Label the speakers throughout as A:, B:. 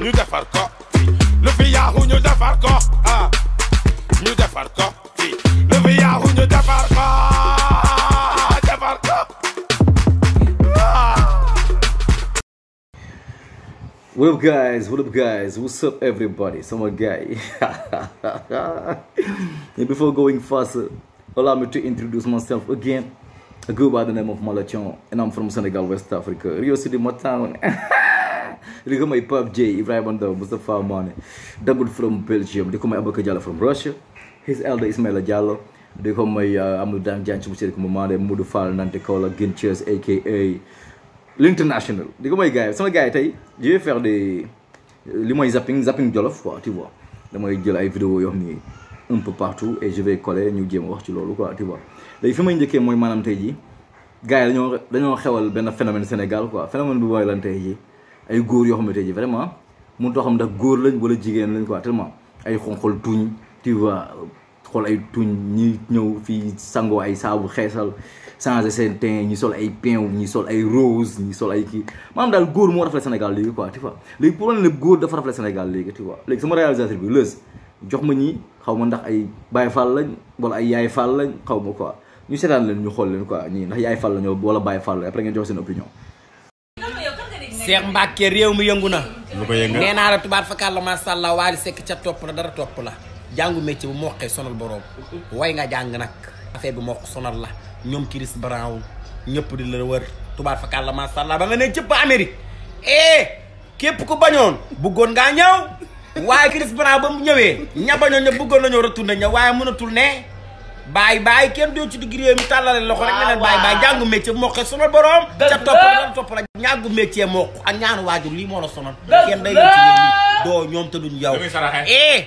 A: ñu defar ko lu fi yaaxu ñu defar ko ah ñu defar ko lu fi yaaxu ñu defar ko
B: defar ko What up guys, what up guys, what's up everybody, sama guy before going faster, allow me to introduce myself again I go by the name of Malachon and I'm from Senegal, West Africa, Rio City, my town li ko may Pape Dieye Ibrahima Ndaw Moustapha Mané Dagoud from Belgium di ko may Abaka Diallo from Russia his elder Ismaila Diallo di ko may uh, Amadou Dame Diagne ci mu seet ko mu Mané Modou Fall Nante Kaolack Gin Thiès aka l'international di ko may gars yi sama gars yi tey je vais faire li mooy zapping zapping jolof quoi tu vois damay jël ay vidéo yoo xam ni un peu partout e je ñu jéem a wax ci loolu quoi tu vois léegi fi may njëkkee mooy maanaam tey jii gars yi dañoo dañoo xewal benn phénomène Sénégal quoi phénomène bi mooy lan tey jii ay góor yoo xamante ji vraiment mun too xam góor lañ wala jigéen lañ ko tellement ay xonxol tuñ tu vois xool ay tuñ ñi ñëw fii sangoo ay saabu xeesal changé seen teint ñi sol ay pin ñi sol ay rose ñi sol ay kii maanaam daal góor moo rafet Sénégal léegi quoi tu vois léegi pour ne góor dafa rafet Sénégal léegi tu vois léegi sama réalisateur bi lës jox ma ñi xaw ma ndax ay Baye Fall lañ wala ay Yaay Fall lañ xaw ma quoi ñu seetaan leen ñu xool leen quoi ñii ndax Yaay Fall lañ wala Baye Fall lañ après ngeen jox Cheikh Mbacke réew mi yëngu na. lu ko yëngal nee la tubaab fakkaat la macha allah waali sekk ca topp la dara topp la. jàngu métier bu moqee sonal borom. way nga jàng nag. affaire bi moq sonal la ñoom Chris Brown ñëpp di la wër tubaab fakkaat la macha ba nga ne cëpp Amérique. eh képp ku bañoon bëggoon nga ñëw waaye Chris Brown ba mu ñëwee ña bañoon ña bëggoon nañoo retourné ña waaye mënatul ne. baay baay kenn doo ci digg réew mi tàllale loxo rek leneen baay baay jàngu métier moo ko sonal borom ca topp la topp la ñàngu moo ko ak ñaanu waajur lii moo la sonal kenn day ci doo ñoom te duñ yow eh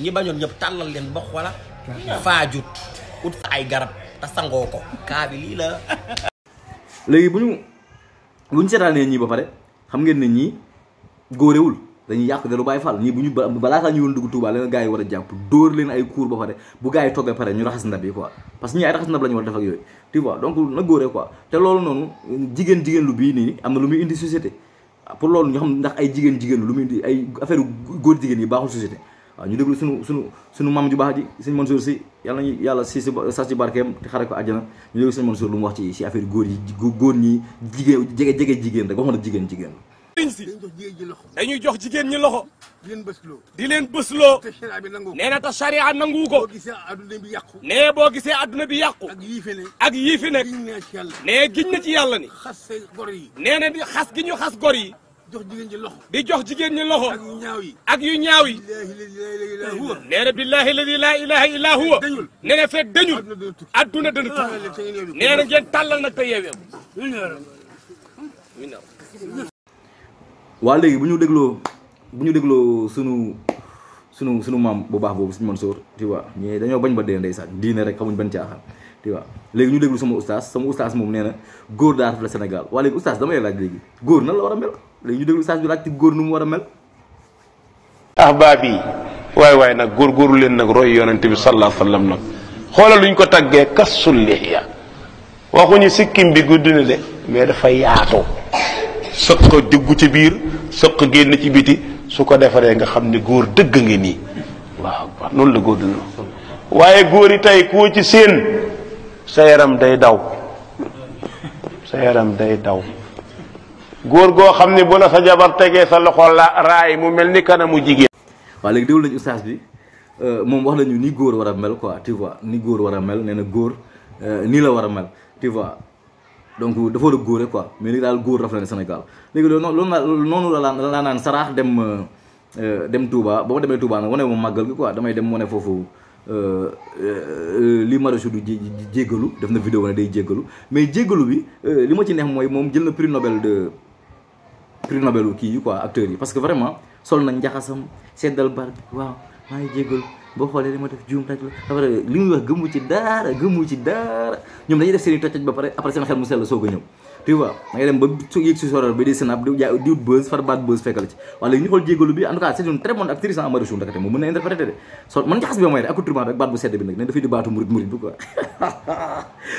B: ñi bañoon ñëpp tàllal leen box wala faajut ut fa ay garab te sangoo ko kaa bi lii la léegi bu ñu bu ñu seetaanee ñii ba pare xam ngeen ne ñii góorewul dañuy yàq de lu bàyyi fàll ñii bu ñu balaa saa ñu war a jàpp dóor leen ay cours ba pare bu gars yi toggee pare ñu raxas ndab yi quoi parce que ñii ay raxas ndab la war a def ak yooyu tu vois donc na góoree quoi te loolu noonu jigéen jigéen lu bii nii am na lu muy indi société pour loolu ñu xam ndax ay jigéen jigéen lu muy indi ay affaire góor jigéen yi baaxul société waaw ñu déglu suñu suñu suñu maam ju baax ji suñu Mansour si yàlla nañu yàlla si si sas ci barkeem te xare mu wax ci si affaire góor yi góor ñi jigéen jege jege jigéen rek wax ma jigéen jigéen
C: sëriñ si dañuy jox jigéen ñi loxo di leen bësloo nee na ta charia nangu ko nee boo gisee adduna bi yàqu ak yii fi nekk nee giñ na ci yàlla ni nee na di xas gi ñu xas gor yi di jox jigéen ñi loxo ak yu ñaaw yi nee na billahi ladi laa ilaha illa huwa nee na fekk dañul adduna dana tukki nee na ngeen tàllal nag te yeeweeku
B: waa léegi bu ñu dégloo bu ñu dégloo suñu sunu sunu maam bu baax bobu suñu Mansour tu wa mais dañoo bañ ba dee ndeysaan diine rek xamuñ ci xaar tu wa léegi ñu déglu sama oustaz sama oustaz mom nee goor góor daa ref la Sénégal waa oustaz dama lay laaj léegi goor nan la wara mel léegi ñu déglu oustaz bi laaj ci goor nu mu war a mel
A: ahbaab way way nak goor goor leen nak roy yonnati bi sallallahu alayhi wasallam nak xolal luñ ko taggee kasul lihya waxu ñu sikkim bi gudd na de mais dafa yaatu sot ko dëggu ci bir sëq génn ci biti su ko defaree nga xam ne góor dëgg ngi nii waaw noonu la góor waaye góor yi tey koo ci séen sa yaram day daw sa yaram day daw góor goo xam ne bu la sa jabar tegee sa loxo la raay mu mel ni kanamu jigéen. waaw léegi déglu nañu ustaas bi
B: euh, moom wax nañu ni góor war a mel quoi tu ni góor war a mel nee na góor euh, nii la war a mel tu donc dafa war a góore quoi mais léegi daal góor rafet na Sénégal léegi loolu noonu loolu noonu la la laa naan saraax dem euh, euh, dem Touba ba ma demee Touba nag wane ma màggal gi quoi damay dem wane foofu euh, li Marichou du jé jéggalu def na vidéo wane day jéggalu mais jéggalu bi li ma ci neex mooy moom jël na prix Nobel de prix Nobel kii yi quoi acteur yi parce que vraiment sol nañ njaxasam seddal bar waaw maa ngi jéggalu boo xoolee li ma def juum rek la après li muy wax gëmmu ci daara gëmmu ci daara ñoom dañuy def seen i toj ba pare après seen xel mu sell soog a ñëw tu vois ngay dem ba yëg si soror bi di snap di jaay diwut buzz far baat buzz fekkal ci wala ñu xool jégalu bi en tout cas c'est une très bonne actrice en Marichou ndakate moom mën na interpréter so man jaxas bi mooy rek ak tourment rek baat bu sedd bi nag ne dafay di quoi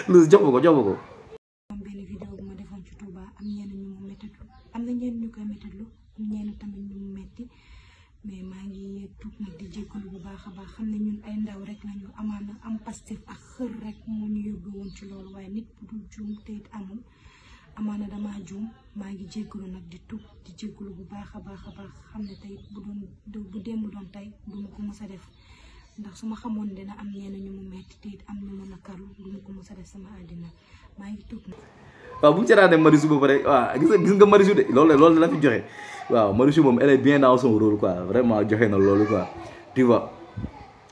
B: lu jox kok, ko jox ko benn vidéo bu ma defoon ci Touba am ñenn ñu mu am na ñenn ñu koy méttilu tamit ñu metti mais maa ngi tuub nag di jégalu bu baax a baax xam ne ñun ay ndaw rek lañu amaana am Pastef ak xër rek moo ñu yóbbu woon ci loolu waaye nit bu dul juum te it amul amaana damaa juum maa ngi jégalu nag di tuub di jégalu bu baax a baax a baax xam ne tey bu doon bu démb doon tey du ma ko mës a def ndax su ma xamoon dina am ñenn ñu mu metti te am ñu mën a karlu du ma ko mës a def sama àddina maa ngi tuub nag waaw bu mu seetaanee Marichou ba pare waaw gis nga gis de loolu la fi joxe waaw Marichou moom elle est bien dans son rôle quoi vraiment joxe na loolu quoi tu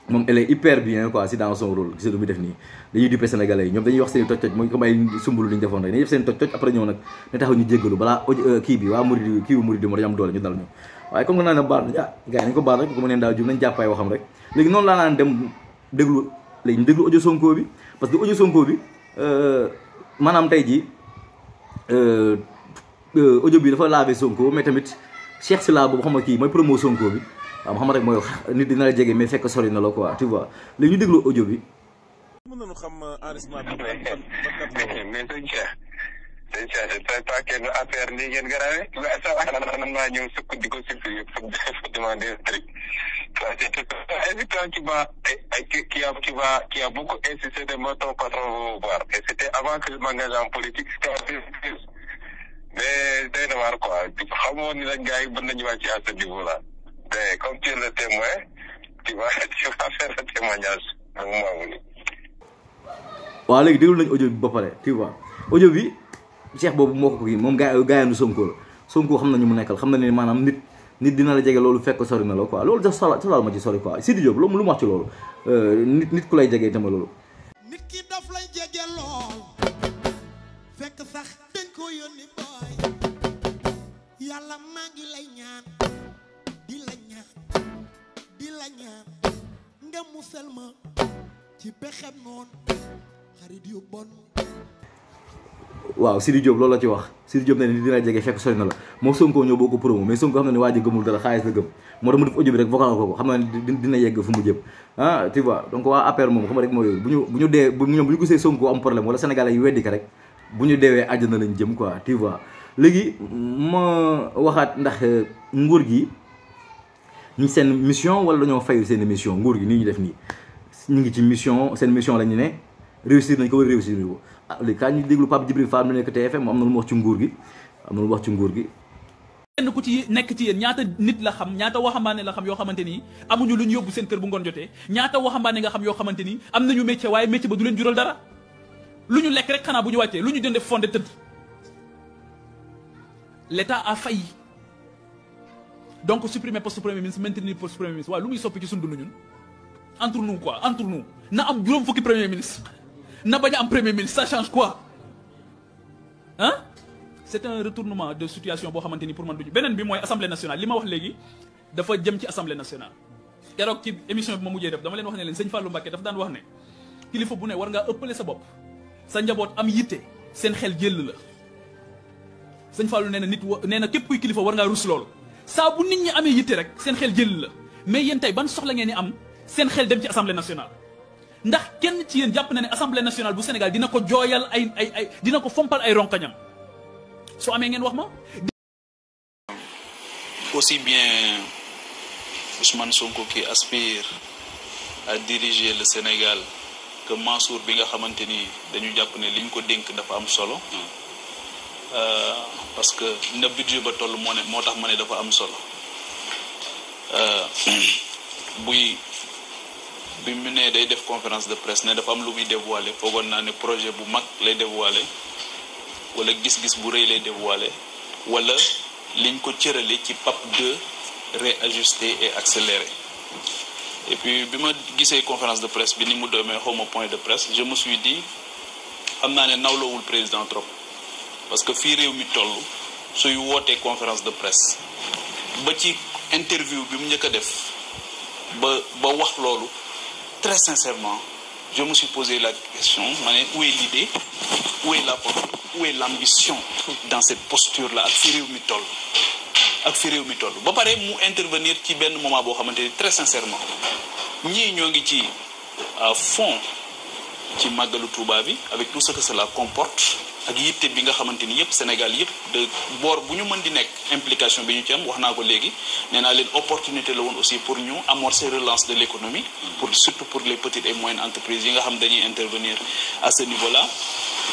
B: moom elle est bien quoi si dans son rôle gis lu muy def nii dañuy duppe sénégalais ñoom dañuy wax seen toj toj mooy comme ay sumbulu li defoon rek dañuy def seen toj toj après ñu jéggalu euh, ñu dal ñu waaye que naa ne baal ah, ma neen daa ñu déglu audio Sonko bi parce que audio Sonko bi euh, maanaam tey jii audio bi dafa laave Sonko mais tamit Cheikh Sylla boobu xam nga kii mooy promo Sonko bi waaw xam nga rek mooy nit dina la jege mais fekk sori na la quoi tu vois léegi ñu déglu audio bi.
A: mën nañu xam enregistrement bi. mais sëñ ngeen garaawee. waaye sax
C: man c'est un qui va, qui qui, a, qui va, qui a beaucoup insisté de mettre ton patron au bar. Et
A: c'était avant que je m'engage en politique, c'était un plus. Mais, c'est normal, quoi. Comment les gars, ils vont nous à ce niveau-là. Mais, comme tu es le témoin, tu vas, tu vas
C: faire le témoignage. Donc, moi, oui.
B: waaw léegi déglu nañu tu vois audio bi Cheikh Bobu moko ko kii moom gars gars yi Sonko Sonko xamna ñu mu nekkal xamna ni manam nit nit dina la jégué lolu fekk sori na la quoi lolu sax sala salaal ma ci sori quoi Sidi Diop lu mu ci loolu euh, nit nit ku lay jégué itam lolu nit ki daf lay jégué lool fekk sax den ko yoni boy yalla ma ngi lay ñaan di la ñaan di la ñaan nga musal ma ci pexem noonu xarit yu bon. waaw Sidi Diop loolu la ci wax Sidi job ne nit dina jégué fekk sori na la. moo Sonko ñoo bokk promo mais Sonko xam na ne waa ji gëmul dara xaalis la gëm moo tax mu def audio bi rek vocal fu mu jëm ah, rek mooy bu ñu bu ñu dee bu jëm quoi tu vois léegi ma waxaat ndax euh, nguur gi ñu seen mission wala dañoo fayu seen mission nguur gi nii ñu def nii ñu ngi ci mission seen mission la ñu ne réussir nañ ko wala réussir ko ah léegi kaa ñu déglu Pape Djibril Fall mu nekk TFM am na lu mu wax ci nguur gi am na lu mu wax ci nguur gi
C: kenn ku ci nekk ci yéen ñaata nit la xam ñaata waxambaane la xam yoo xamante ni amuñu lu ñu yóbbu seen kër bu ngoon jotee ñaata waxambaane nga xam yoo xamante ni am nañu métier waaye métier ba du leen jural dara lu ñu lekk rek xanaa bu ñu wàccee lu ñu jënde fondé tëdd l'état a failli donc supprimer poste premier ministre maintenir poste premier ministre waaw lu muy soppi ci sundu ñun entre nous quoi entre nous na am juróom fukki premier ministre na bañ a am premier ministre quoi c'est un retournement de situation boo xamante pour man duñu beneen bi mooy assemblée nationale li ma wax léegi dafa jëm ci assemblée nationale keroog ci émission bi ma mujjee def dama leen wax ne leen sëñ Fallou Mbacké daf daan wax ne kilifa bu ne war ngaa ëppale sa bopp sa njaboot am yitte seen xel jël la sëñ Fallou nee na nit wa na képp kuy kilifa war ngaa rus loolu saa bu nit ñi amee yitte rek seen xel jël la mais yéen tey ban soxla ngeen am seen xel dem ci assemblée nationale. ndax kenn ci yéen jàpp na ne assemblée nationale bu Sénégal dina ko jooyal ay ay ay dina ko fompal ay ronkañam
A: aussi bien Ousmane Sonko qui aspire à diriger le Sénégal que Mansour bi de New Japan, dañu ne liñ ko dafa solo. Euh, parce que ne budget ba toll moo de moo dafa am solo euh, buy bi mu day de presse ne dafa am lu muy dévoiler foogoon projet bu dévoiler wala gis-gis bu rëy lay dévoilé wala liñ ko cërale ci PAP 2 réajusté et accéléré et puis bi ma gisee conférence de presse bi ni mu demee xawma point de presse je me suis dit xam naa ne nawlawul président trop parce que fii réew mi toll suy wootee conférence de presse ba ci interview bi mu njëkk a def ba ba wax loolu très sincèrement je me suis posé la question ma où est l'idée où est l'apport où est l'ambition dans cette posture-là ak ou mi toll ak je intervenir ci ben moment très sincèrement nous ñoo à fond avec tout ce que cela comporte ak yitte bi nga xamante ni yëpp Sénégal yëpp de boor bu ñu mën di nekk implication bi ñu ci am opportunité la woon aussi pour ñu amorcer relance de l'économie pour surtout pour les petites et moyennes entreprises yi nga xam dañuy intervenir à ce niveau là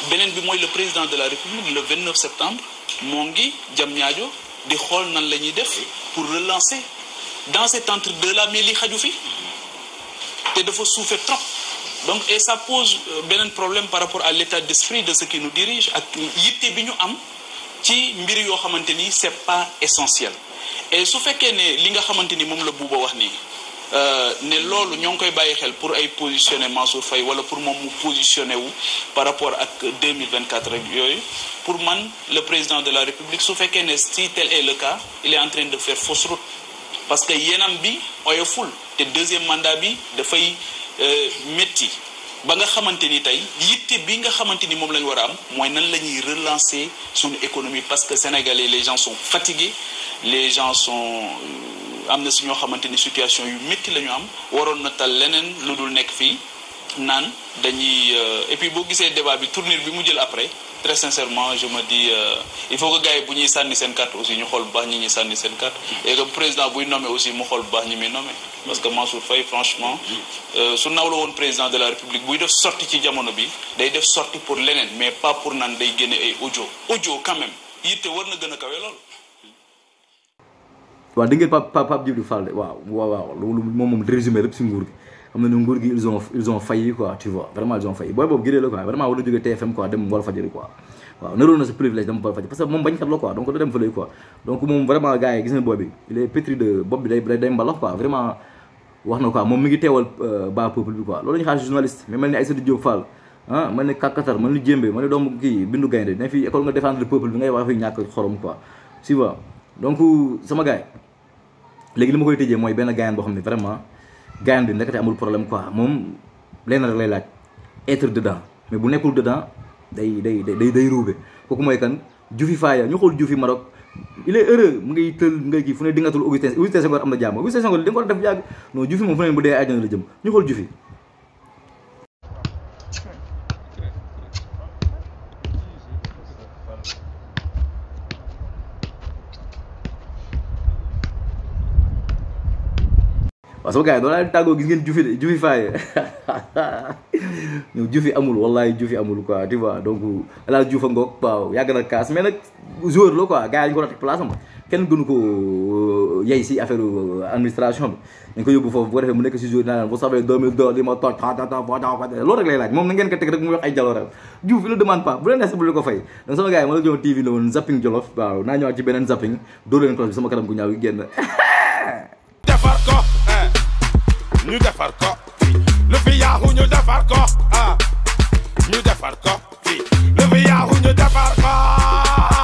A: bi le président de la République le 29 septembre a ngi jam ñaajo di xool nan pour relancer dans cet entre deux là mais li xaju fi te dafa trop donc et ça pose un euh, problème par rapport à l'état d'esprit de ce qui nous dirige. ak y qui am ci mbir pas essentiel et ce qui est li nga xamante ni moom la buuba wax euh, ne koy pour ay positionné Mansour Faye pour moom positionner par rapport à 2024 pour moi, le président de la République si tel est le cas il est en train de faire fausse route parce que yenam bi foule. le deuxième mandat de Faye. Euh, metti, ba nga xamanteni tay tey yitte bi nga xamanteni ni lañ wara am moy nan lañuy relancer son économie parce que sénégalais les gens sont fatigués les gens sont euh, amna na xamanteni situation yu metti lañu am waron na tal lenen ludul nek fi nan dañuy euh, et puis bo gisee débat bi tournure bi mu jël après très sincèrement je me dis euh, il faut que gars yi bu ñuy sànni carte aussi ñu xool bu baax ñi ñuy sànni seen carte mm. et que président buy nommé aussi mu xool bu baax ñi muy nommé parce que mm. Mansour Faye franchement mm. euh, su naw la woon président de la République buy def sorti ci jamono bi day def sorti pour leneen mais pas pour naan day génne ay audio audio quand même yitte war na gën a kawe lool
B: waaw da pap pap Pape Djibril Fall de waaw waaw waaw loolu moom moom résumé lépp si nguur xam na ne nguur gi ils ont ils ont failli quoi tu ils ont failli booy boobu gëree la quoi vraiment war a jógee TFM quoi dem Walfadjri quoi waaw naroon na sa privilège dem Walfadjri parce que moom bañkat la quoi donc da dem gis na booy bi il est pétri de bopp bi day mbalax quoi vraiment wax euh, ni Aïssatou Diop Fall ni ah, kakatar mel ni jémbe kii bindu gaynde ne fii école nga défendre peuple bi ngay wax fi ñàkk xorom quoi tu vois donc sama gars léegi li ma koy tëjee mooy benn gayan gaayan bi ndekete amul problème quoi moom lenn rek lay laaj être dedans mais bu nekkul dedans day day day day ruube kooku mooy kan Diouf Faaya ñu xool Diouf Maroc il est heureux mu ngay tël ngay kii fu ne dingatul Augustin Augustin Senghor am na jàmm Augustin Senghor di nga ko def yàgg non Diouf moom fu ne bu dee àjjana la jëm ñu xool Diouf parce que gars yi noonu laa tàggoo gis ngeen jufi de jufi faaye ñoom jufi amul wallahi djufi amul quoi tu vois donc laa djufa ngok waaw yag na kaas mais nak kan, eh, eh, joueur lo quoi gars yi ñu ko war place am ken gënu ko yey ci affaire administration ñu ko yobbu fofu bu ko defee mu nekk si jour naa leen li ma tok ta ta ta bo da ko lo rek lay laaj mom na ngeen ko tek rek mu wax ay jalo rek il lu demande pas bu len neex bu lu ko fay donc sama gars yi ma la jox TV la won zapping Jolof waaw naa ñëwaat ci benen zapping do len ko sama karam gu ñaaw gi genn defar
A: ko ñu defar ko le lu fi Nous ñu ah ñu